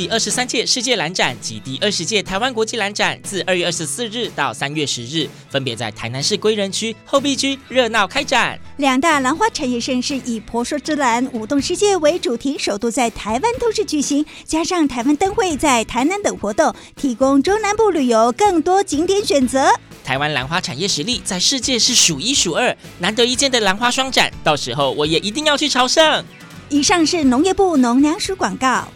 第二十三屆世界蘭展及第二十屆台灣國際蘭展，自二月二十四日到三月十日，分別在台南市歸仁區後壁區熱鬧開展。兩大蘭花產業盛事以“婆娑之蘭，舞動世界”為主題，首度在台灣都市舉行。加上台灣燈會在台南等活動，提供中南部旅遊更多景點選擇。台灣蘭花產業實力在世界是數一數二，難得一見的蘭花雙展，到時候我也一定要去朝聖。以上是農業部農糧署廣告。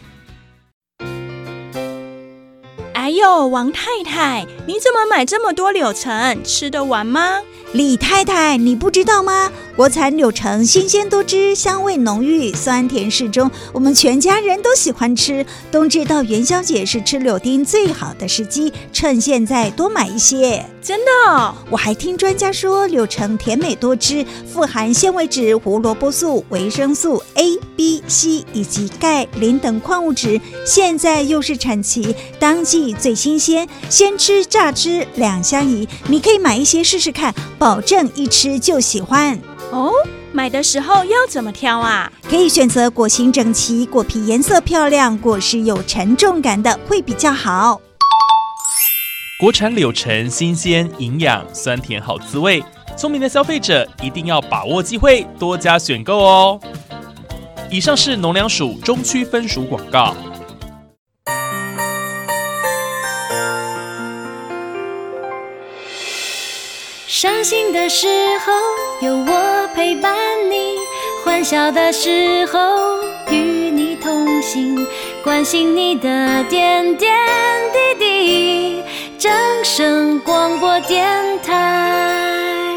還有王太太，你怎麼買這麼多柳橙？吃得完嗎？李太太，你不知道嗎？國產柳橙，新鮮多汁，香味濃郁，酸甜適中，我們全家人都喜歡吃。冬至到元宵節是吃柳丁最好的時機，趁現在多買一些。真的哦，我還聽專家說，柳橙甜美多汁，富含纖維質、胡蘿蔔素、維生素 A、B、C 以及鈣、磷等礦物質。現在又是產期，當季最新鮮，先吃榨汁兩相宜。你可以買一些試試看，保證一吃就喜歡哦。買的時候要怎麼挑啊？可以選擇果形整齊、果皮顏色漂亮、果實有沉重感的會比較好。國產柳橙新鮮、營養、酸甜好滋味，聰明的消費者一定要把握機會，多加選購哦。以上是農糧署中區分署廣告。傷心的時候有我陪伴你，歡笑的時候與你同行，關心你的點點滴滴。正聲,聲廣播電台。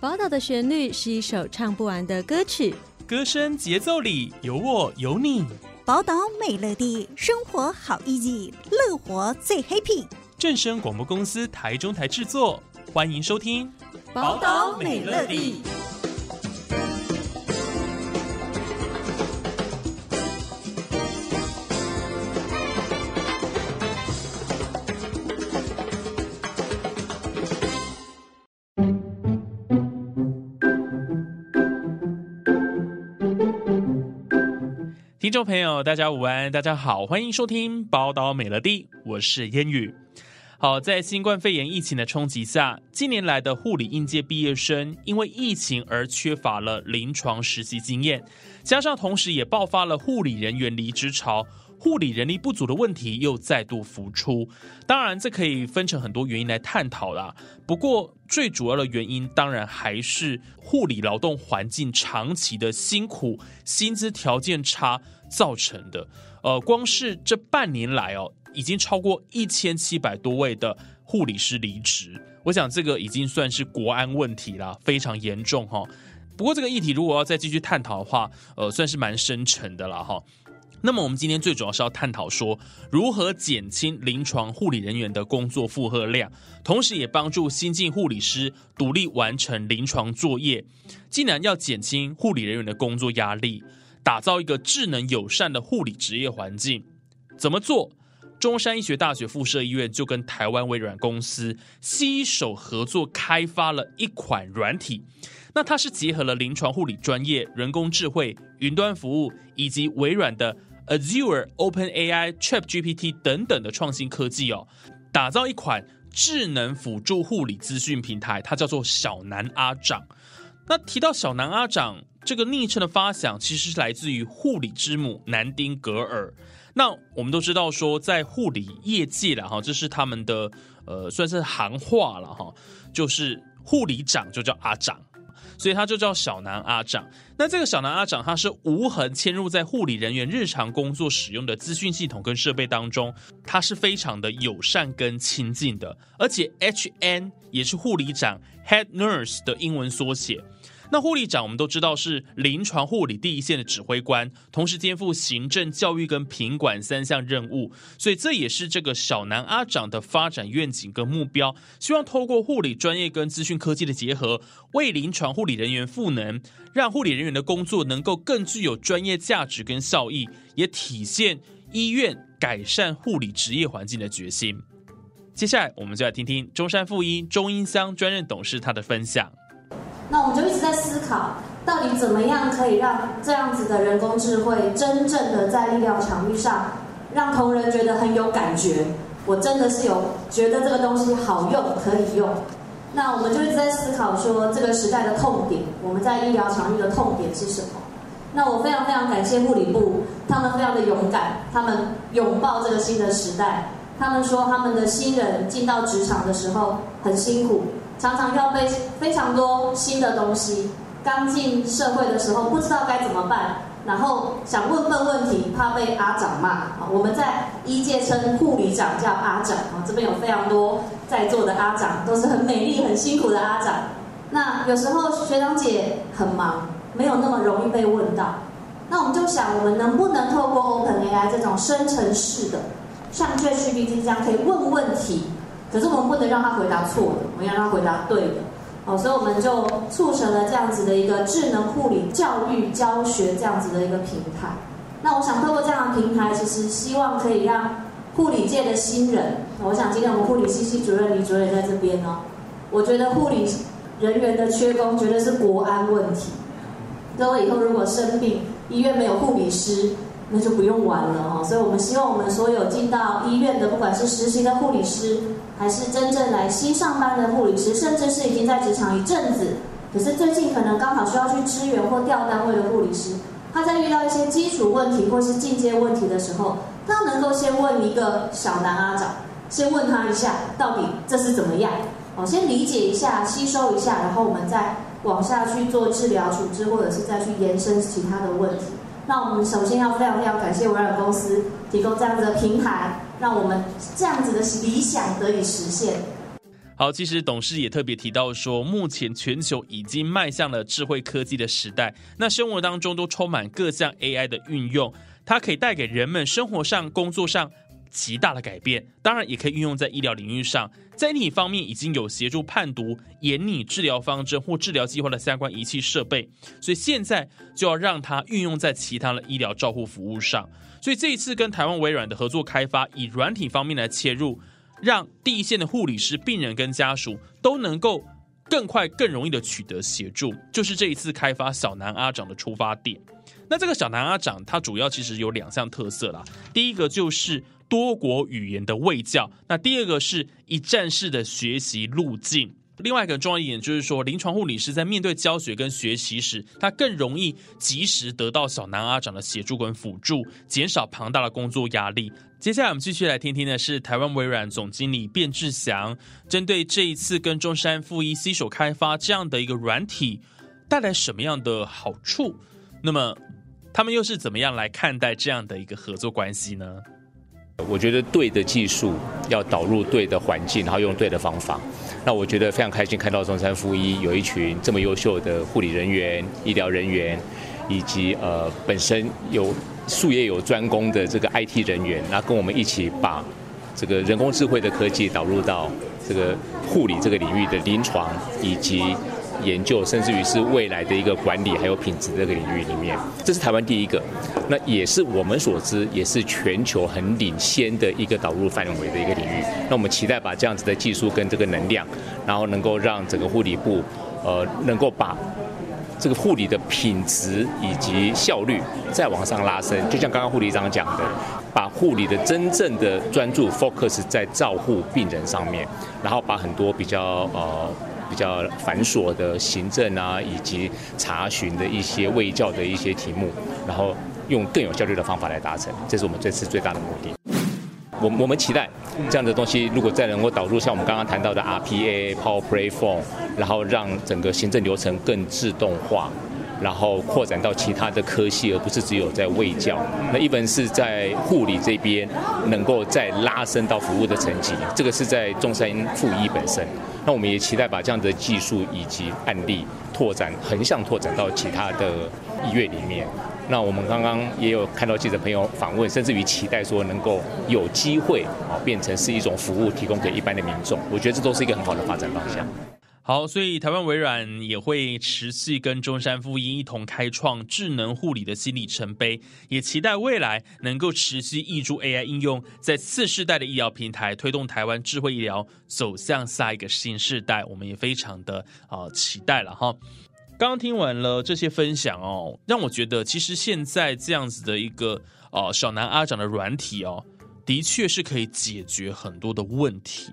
寶島的旋律是一首唱不完的歌曲，歌聲節奏裡有我有你。寶島美樂蒂，生活好 easy，樂活最 happy。正聲廣播公司台中台制作，歡迎收聽。寶島美樂蒂。聽眾朋友，大家午安，大家好，歡迎收聽《寶島美樂蒂》，我是煙雨。好，在新冠肺炎疫情的衝擊下，近年來的護理應屆畢業生因為疫情而缺乏了臨床實習經驗，加上同時也爆發了護理人員離職潮。護理人力不足的問題又再度浮出，當然這可以分成很多原因來探討啦。不過最主要的原因當然還是護理勞動環境長期的辛苦、薪資條件差造成的。呃，光是這半年來哦、喔，已經超過一千七百多位的護理師離職，我想這個已經算是國安問題了，非常嚴重哈、喔。不過這個議題如果要再繼續探討的話，呃，算是蠻深沉的了哈。那麼我們今天最主要是要探討說，如何減輕臨床護理人員的工作負荷量，同時也幫助新進護理師獨立完成臨床作業。既然要減輕護理人員的工作壓力，打造一個智能友善的護理職業環境，怎麼做？中山醫學大學附設醫院就跟台灣微軟公司攜手合作，開發了一款軟體。那它是結合了臨床護理專業、人工智慧、雲端服務以及微軟的。Azure、OpenAI、ChatGPT 等等的創新科技哦，打造一款智能輔助護理資訊平台，它叫做小南阿長。那提到小南阿長這個昵稱的發想，其實是來自於護理之母南丁格爾。那我們都知道說，在護理業界了哈，這是他們的呃算是行話了哈，就是護理長就叫阿長。所以它就叫小南阿長。那這個小南阿長，它是無痕嵌入在護理人員日常工作使用的資訊系統跟設備當中，它是非常的友善跟親近的。而且 HN 也是護理長 Head Nurse 的英文縮寫。那護理長，我們都知道是臨床護理第一線的指揮官，同時肩負行政、教育跟評管三項任務，所以這也是這個小南阿長的發展願景跟目標。希望透過護理專業跟資訊科技的結合，為臨床護理人員賦能，讓護理人員的工作能夠更具有專業價值跟效益，也體現醫院改善護理職業環境的決心。接下來，我們就來聽聽中山附醫中英鄉專任董事他的分享。那我們就一直在思考，到底怎麼樣可以讓這樣子的人工智慧真正的在醫療場域上，讓同仁覺得很有感覺，我真的是有覺得這個東西好用可以用。那我們就一直在思考說，這個時代的痛點，我們在醫療場域的痛點是什麼？那我非常非常感謝護理部，他們非常的勇敢，他們擁抱這個新的時代。他們說，他們的新人進到職場的時候很辛苦。常常要背非常多新的東西。剛進社會的時候，不知道該怎麼辦，然後想問個問題，怕被阿長罵。我們在醫界稱護理長叫阿長啊，這邊有非常多在座的阿長，都是很美麗、很辛苦的阿長。那有時候學長姐很忙，沒有那麼容易被問到。那我們就想，我們能不能透過 OpenAI 這種生成式的，像 ChatGPT 這樣，可以問問題？可是我們不能讓他回答錯的，我們要讓他回答對的。好，所以我們就促成了這樣子的一個智能護理教育教學這樣子的一個平台。那我想透過這樣的平台，其實希望可以讓護理界的新人，我想今天我們護理系系主任李主任也在這邊呢、哦。我覺得護理人員的缺工絕對是國安問題。如果以後如果生病，醫院沒有護理師。那就不用玩了哈、哦，所以我們希望我們所有進到醫院的，不管是實習的護理師，還是真正來新上班的護理師，甚至是已經在職場一陣子，可是最近可能剛好需要去支援或調單位的護理師，他在遇到一些基礎問題或是進階問題的時候，他能夠先問一個小南阿長，先問他一下到底這是怎麼樣，哦，先理解一下、吸收一下，然後我們再往下去做治療處置，或者是再去延伸其他的問題。那我們首先要非常非常感謝微軟公司提供這樣的平台，讓我們這樣子的理想得以實現。好，其實董事也特別提到說，目前全球已經邁向了智慧科技的時代，那生活當中都充滿各項 AI 的運用，它可以帶給人們生活上、工作上。極大的改變，當然也可以運用在醫療領域上。在硬體方面已經有協助判讀、研擬治療方針或治療計劃的相關儀器設備，所以現在就要讓它運用在其他的醫療照護服務上。所以這一次跟台灣微軟的合作開發，以軟體方面來切入，讓第一線的護理師、病人跟家屬都能夠更快、更容易的取得協助，就是這一次開發小南阿長的出發點。那這個小南阿長，他主要其實有兩項特色啦。第一個就是多國語言的衛教，那第二個是一站式的學習路徑。另外一個重要一點就是說，臨床護理師在面對教學跟學習時，他更容易及時得到小南阿長的協助跟輔助，減少龐大的工作壓力。接下來我們繼續來聽聽的是台灣微軟總經理卞志祥，針對這一次跟中山附一攜手開發這樣的一個軟體，帶來什麼樣的好處？那麼。他們又是怎麼樣來看待這樣的一個合作關係呢？我覺得對的技術要導入對的環境，然後用對的方法。那我覺得非常開心看到中山附醫有一群這麼優秀的護理人員、醫療人員，以及呃本身有術業有專攻的這個 IT 人員，那跟我們一起把這個人工智慧的科技導入到這個護理這個領域的臨床以及。研究，甚至於是未來的一個管理還有品質這個領域裡面，這是台灣第一個，那也是我們所知，也是全球很領先的一個導入範圍的一個領域。那我們期待把這樣子的技術跟這個能量，然後能夠讓整個護理部，呃，能夠把這個護理的品質以及效率再往上拉升。就像剛剛護理長講的，把護理的真正的專注 focus 在照護病人上面，然後把很多比較呃。比較繁瑣的行政啊，以及查詢的一些衛教的一些題目，然後用更有效率的方法來達成，這是我們這次最大的目的。我我們期待這樣的東西，如果再能夠導入像我們剛剛談到的 RPA Power Platform，然後讓整個行政流程更自動化。然後擴展到其他的科系，而不是只有在衛教。那一本是在護理這邊，能夠再拉升到服務的層級。這個是在中山附一本身。那我們也期待把這樣的技術以及案例拓展，橫向拓展到其他的醫院裡面。那我們剛剛也有看到記者朋友訪問，甚至於期待說能夠有機會啊變成是一種服務提供給一般的民眾。我覺得這都是一個很好的發展方向。好，所以台灣微軟也會持續跟中山附醫一同開創智能護理的新里程碑，也期待未來能夠持續挹注 AI 應用在次世代的醫療平台，推動台灣智慧醫療走向下一個新世代。我們也非常的啊期待了哈。剛剛聽完了這些分享哦，讓我覺得其實現在這樣子的一個啊小南阿長的軟體哦，的確是可以解決很多的問題。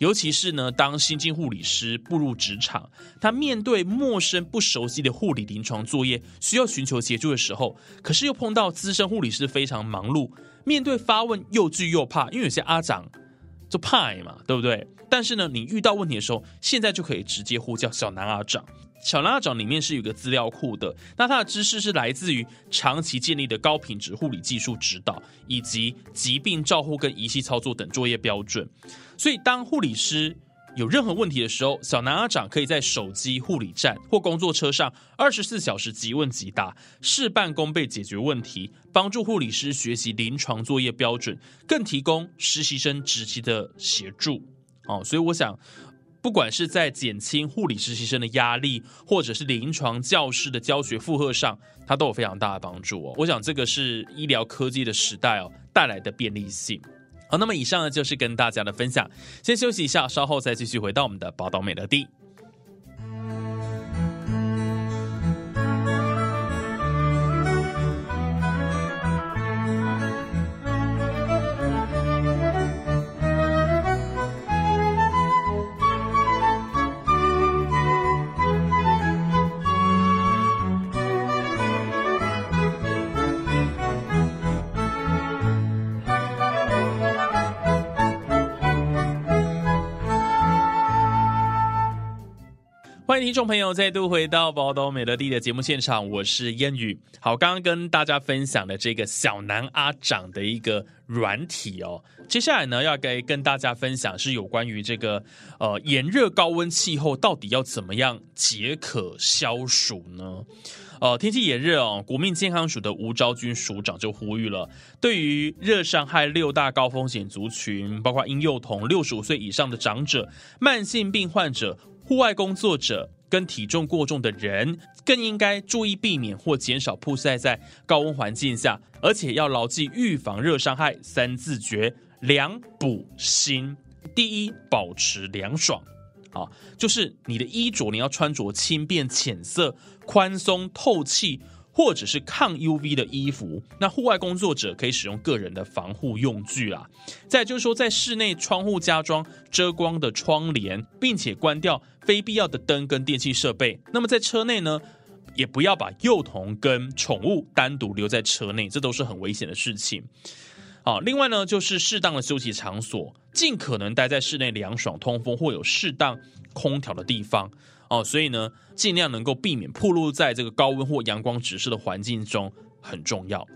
尤其是呢，當新進護理師步入職場，他面對陌生不熟悉的護理臨床作業，需要尋求協助的時候，可是又碰到資深護理師非常忙碌，面對發問又懼又怕，因為有些阿長。就怕嘛，對不對？但是呢，你遇到問題的時候，現在就可以直接呼叫小南阿長。小南阿長裡面是有一個資料庫的，那它的知識是來自於長期建立的高品質護理技術指導，以及疾病照護跟儀器操作等作業標準。所以當護理師。有任何問題的時候，小南阿長可以在手機護理站或工作車上二十四小時即問即答，事半功倍解決問題，幫助護理師學習臨床作業標準，更提供實習生職級的協助。哦，所以我想，不管是在減輕護理實習生的壓力，或者是臨床教師的教學負荷上，它都有非常大的幫助哦。我想這個是醫療科技的時代哦帶來的便利性。好，那麼以上呢就是跟大家的分享，先休息一下，稍後再繼續回到我們的寶島美樂蒂。歡迎聽眾朋友再度回到《寶島美樂蒂》的節目現場，我是煙雨。好，剛剛跟大家分享的這個小南阿長的一個軟體哦，接下來呢要給跟大家分享是有關於這個呃炎熱高溫氣候到底要怎麼樣解渴消暑呢？呃，天氣炎熱哦，國民健康署的吳昭軍署長就呼籲了，對於熱傷害六大高風險族群，包括嬰幼童、六十五歲以上的長者、慢性病患者。戶外工作者跟體重過重的人更應該注意避免或減少曝曬在高溫環境下，而且要牢記預防熱傷害三字訣：涼、補、心。第一，保持涼爽，啊，就是你的衣着你要穿着輕便、淺色、寬鬆、透氣或者是抗 UV 的衣服。那戶外工作者可以使用個人的防護用具啊。再就是說，在室內窗戶加裝遮光的窗簾，並且關掉。非必要的燈跟電器設備。那麼在車內呢，也不要把幼童跟寵物單獨留在車內，這都是很危險的事情。哦，另外呢，就是適當的休息場所，儘可能待在室內涼爽、通風或有適當空調的地方。哦，所以呢，盡量能夠避免暴露在這個高溫或陽光直射的環境中很重要。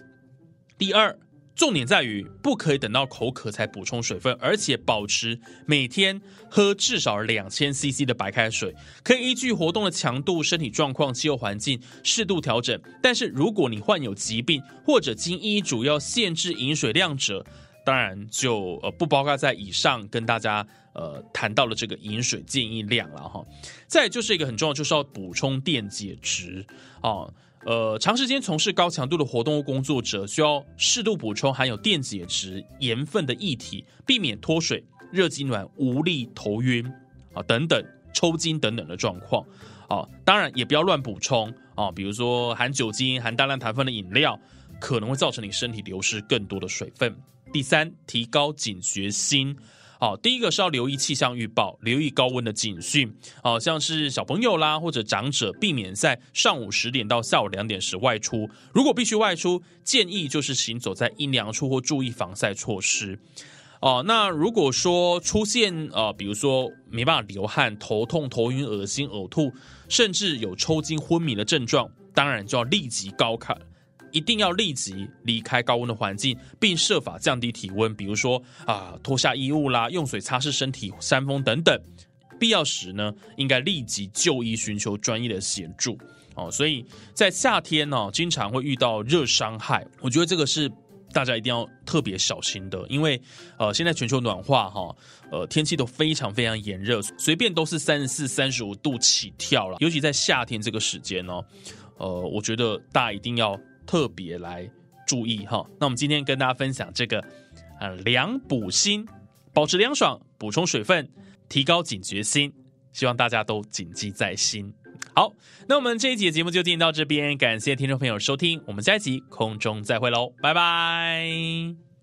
第二。重點在於不可以等到口渴才補充水分，而且保持每天喝至少兩千 CC 的白開水，可以依據活動的強度，身體狀況、氣候環境適度調整。但是如果你患有疾病或者經醫囑要限制飲水量者，當然就呃不包括在以上跟大家呃談到了這個飲水建議量了哈。再就是一個很重要就是要補充電解質哦。呃，長時間從事高強度的活動工作者，需要適度補充含有電解質、鹽分的液體，避免脫水、熱痙攣、無力、頭暈啊等等，抽筋等等的狀況。啊，當然也不要亂補充啊，比如說含酒精、含大量糖分的飲料，可能會造成你身體流失更多的水分。第三，提高警覺心。好、哦，第一個是要留意氣象預報，留意高溫的警訊。好、哦、像是小朋友啦，或者長者，避免在上午十點到下午兩點時外出。如果必須外出，建議就是行走在陰涼處或注意防曬措施。哦，那如果說出現呃，比如說沒辦法流汗、頭痛、頭暈、噁心、嘔吐，甚至有抽筋、昏迷的症狀，當然就要立即高看。一定要立即離開高溫的環境，並設法降低體溫，比如說啊，脫下衣物啦，用水擦拭身體、扇風等等。必要時呢，應該立即就醫，尋求專業的協助。哦，所以在夏天呢、啊，經常會遇到熱傷害。我覺得這個是大家一定要特別小心的，因為呃，現在全球暖化哈、啊，呃，天氣都非常非常炎熱，隨便都是三十四、三十五度起跳了。尤其在夏天這個時間呢、啊，呃，我覺得大家一定要。特別來注意哈，那我們今天跟大家分享這個，啊，涼補心，保持涼爽，補充水分，提高警覺心，希望大家都謹記在心。好，那我們這一集節目就進到這邊，感謝聽眾朋友收聽，我們下一集空中再會嘍，拜拜。